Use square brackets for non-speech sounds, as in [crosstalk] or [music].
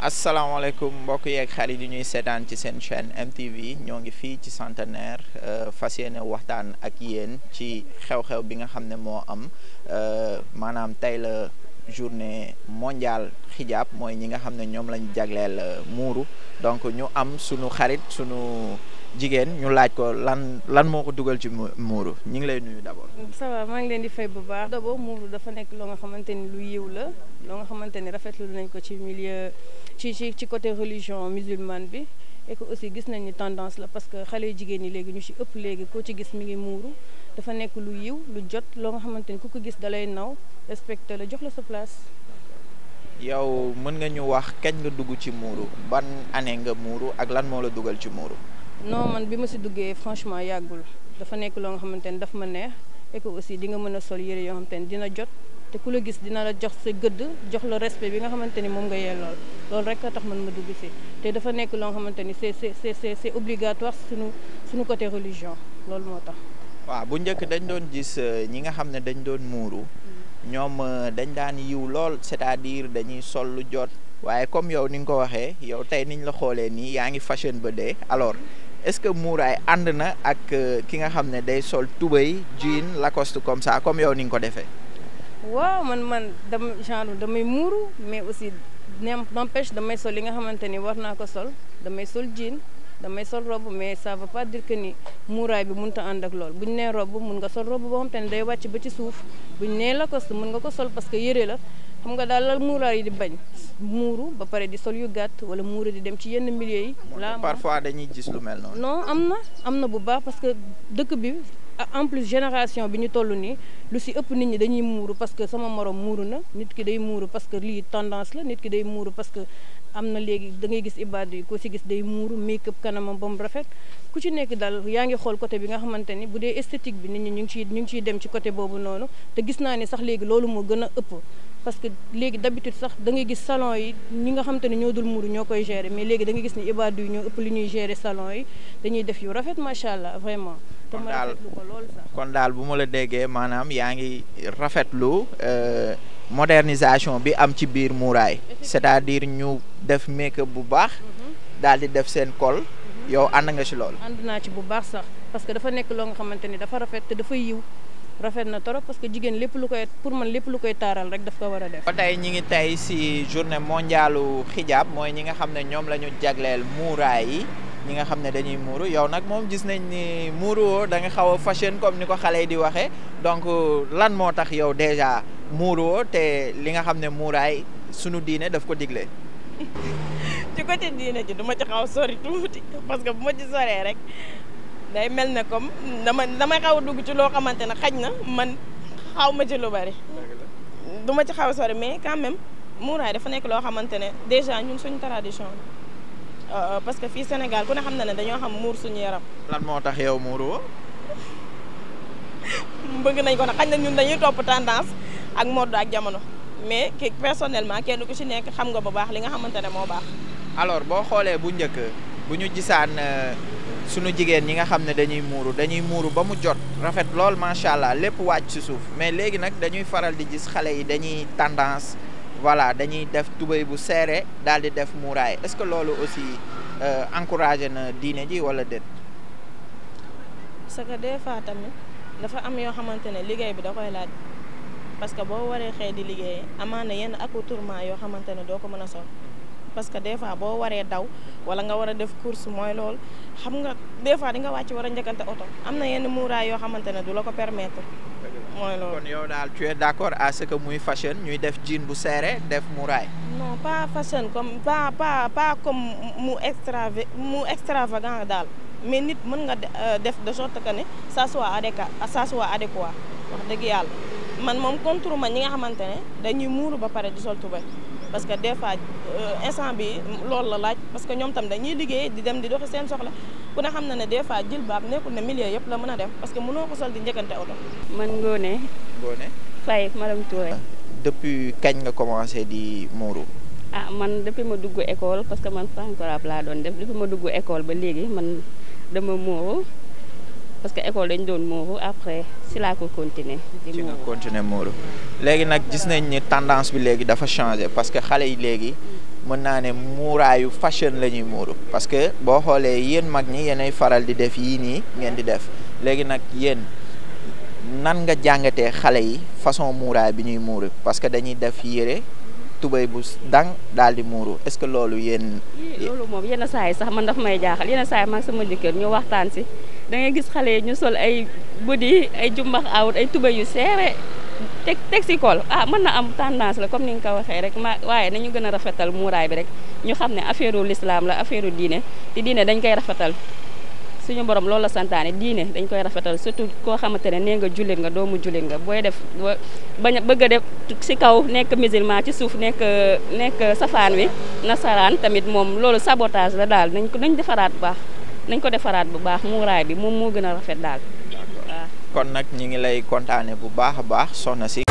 asalaamaaleykum mbokk yeeg xarit yi ñuy seetaan ci seen chaîne MTV ñoo ngi fii ci centenaire euh, fas yéene waxtaan ak yéen ci xew-xew bi nga xam ne moo am euh, maanaam tey la journée mondiale xijaab mooy ñi nga xam ne ñoom lañ jagleel euh, muuru donc ñu am suñu xarit suñu jigéen ñu laaj ko lan lan moo ko dugal ci muuru ñu ngi lay nuyu d'abord. ça va maa ngi leen di fay bu baax. d'abord muuru dafa nekk loo nga xamante ni lu yiw la loo nga xamante ni rafetlu nañ ko ci milieu ci ci ci côté religion musulmane bi et aussi gis nañ ni tendance la parce que xale yu jigéen ñi léegi ñu ci ëpp léegi koo ci gis mu ngi muuru dafa nekk lu yiw lu jot loo nga xamante ni ku ko gis dalay naw respecté la jox la sa place. yow mën nga ñu wax kañ nga dugg ci muuru ban année nga muuru ak lan moo la dugal ci muuru. non man bi ma si duggee franchement yàggul dafa nekk loo nga xamante ne daf ma neex et aussi di nga mën a sol yére yoo xamante dina jot te ku la gis dina la jox sa gëdd jox la respect bi nga xamante ni moom nga yellool loolu rek a tax man ma dugg si te dafa nekk loo nga xamante ni c'est c'est c'est obligatoire suñu suñu côté religion loolu moo tax. waaw bu njëkk dañ doon gis euh, ñi nga xam ne dañ doon muuru ñoom euh, dañ daan yiw lool c'est-à-dire dañuy sol lu jot waaye comme yow ni nga ko waxee yow tey niñ la xoolee nii yaa ngi fashion ba dee alors. est-ce que muuraay ànd na ak euh, ki nga xam ne day sol tubéy jean lacoste comme ça comme yow ni nga ko defee. waaw man man dama genre damay muuru mais aussi n'empêche damay sol li nga xamante ni war naa ko sol damay sol jean damay sol robe mais ça veut pas dire que ni muuraay bi mun ta ànd ak lool bu ñu nee robe mun nga sol robe boo xam te day wàcc ba ci suuf bu ñu nee lacoste mun nga ko sol parce que yére la. xam nga daal la muuraay yi di bañ muuru ba pare di sol yu gàtt wala muuru di dem ci yenn milieu yi. la parfois dañuy gis lu mel noonu. non am na am na bu baax parce que dëkk bi en plus génération bi ñu toll nii lu si ëpp ni ñu dañuy muuru parce que sama morom muuru na nit ki day muuru parce que lii tendance la nit ki day muuru parce que am na léegi da ngay gis ibaadu yi ko si gis day muuru make-up kanamam ba mu ku ci nekk daal yaa ngi xool côté bi nga xamante ni bu dee esthétique bi nit ñi ñu ngi ciy ñu ngi ciy dem ci côté boobu noonu te gis naa ne sax léegi loolu moo gën a ëpp. parce que léegi d'habitude sax da gis salon yi ñi nga xam ne ñoo dul muuru ñoo koy gérer mais léegi da nga gis ni ibaadu yi ñoo ëpp li ñuy gérer salon yi dañuy def yu rafet macha allah vraiment. te ma rafetlu ko lool kon daal bu ma la déggee maanaam yaa ngi rafetlu. Euh, modernisation bi am ci biir muuraay c'est-à-dire ñu def make-up bu baax mhm. daal di def seen kol mhm. yow ànd nga ci lool ànd naa ci bu baax sax parce que dafa nekk loo nga xamante ni dafa rafet te dafa yiw rafet na trop parce que jigéen lépp lu koy pour man lépp lu koy taaral rek daf ko war a def. ba tey ñi ngi tey si journée mondialu xijaab mooy ñi nga xam ne ñoom la jagleel muuraay yi ñi nga xam ne dañuy muuru yow nag moom gis nañ ni muuru woo da xaw a fashion comme ni ko xale yi di waxee donc lan moo tax yow déjà muuru te li nga xam ne muuraay sunu diine daf ko digle. [laughs] ci côté diine ji duma ci xaw sori tuuti parce bu ma ci soree rek. day mel ne comme dama dama xaw a dugg ci loo xamante ne xaj na man xaw ma ci bari. du ma ci xaw a sori mais quand même muuraay dafa nekk loo xamante ne déjà ñun suñ tradition la euh, parce que fii Sénégal ku ne xam na ne dañoo xam muur suñu yaram. moo tax yow muuru [laughs] bëgg nañ ko nag xañ na ñun dañuy topp tendance ak mode ak jamono mais ki personnellement kenn ku si nekk xam nga bu baax li nga xamante ne moo baax. alors boo xoolee bu njëkk bu ñu jisaan euh, sunu jigéen ñi nga xam ne dañuy muuru dañuy muuru ba mu jot rafet lool macha allah lépp wàcc ci suuf mais léegi nag dañuy faral di gis xale yi dañuy tendance voilà dañuy def tubéy bu serré daal di def muuraay est-ce que loolu aussi euh, encouragé na diine ji wala déet. parce que des fois tamit dafa am yoo xamante ne liggéey bi da koy laaj parce que boo waree xëy di liggéey amaan na yenn accoutrement yoo xamante ne doo ko mën a sol parce que des fois boo waree daw wala nga war a def course mooy lool xam nga des fois di nga wàcc war a njëkkante oto am na yenn muuraay yoo xamante ne du la ko permettre. mooy loolu kon yow daal tu d' accord à ce que muy ñuy def jean bu serré def muuraay. non pas fashion comme pas pas pas comme mu extra mu extravagant daal mais nit mën nga euh, def de sorte que ne ça soit adéquat ça soit adéquat wax dëgg yàlla man moom contre ma ñi nga xamante ne dañuy muuru ba pare di sol tubéy parce que des fois euh, instant bi loolu la laaj parce que ñoom tam dañuy liggéey di dem di doxi seen soxla ku ne xam na ne des fois jilbaab nekkul ne milieu yëpp la mën a def parce que mënoo ko sol di njëkkante oto. man Ngone. Ngone. Faye madame Touré. Ah, depuis kañ nga commencé di muuru. ah man depuis ma dugg école parce que man franco-arabe laa doon def depuis ma dugg école ba léegi man dama muuru. parce que école dañu doon muuru après si laa ko continuer continuer muuru léegi nag gis nañ ni tendance bi léegi dafa changé parce que xale yi léegi mën naa ne muuraayu fashion la ñuy muuru parce que boo xoolee yéen mag ñi yéenay faral di def yii nii ngeen di def léegi nag yéen nan nga jàngatee xale yi façon muuraay bi ñuy muuru parce que dañuy def yére tubéy bu dang daal di muuru est-ce que loolu yéen. loolu moom yenn saa yi sax man daf may jaaxal yenn saa yi sama jëkkër ñu waxtaan si. da ngay gis xale yi ñu sol ay body ay jumbax awut ay tubéy yu seere teg teg si kool ah mën na am tendance la comme ni nga ko waxee rek ma waaye nañu gën a rafetal muuraay bi rek ñu xam ne affaire lislaam la affaire diine te diine dañ koy rafetal suñu borom loolu la santaane diine dañ koy rafetal surtout koo xamante ne nee nga jullit nga doomu jullit nga booy def ba a bëgg a def si kaw nekk musulman ci suuf nekk nekk safaan wi nasaraan tamit moom loolu sabotage la daal nañ ko nañ defaraat bu baax nañ ko defaraat bu baax muuraay bi moom moo gën a rafet daal. kon nag ñu ngi lay kontaane bu baax a baax soxna si.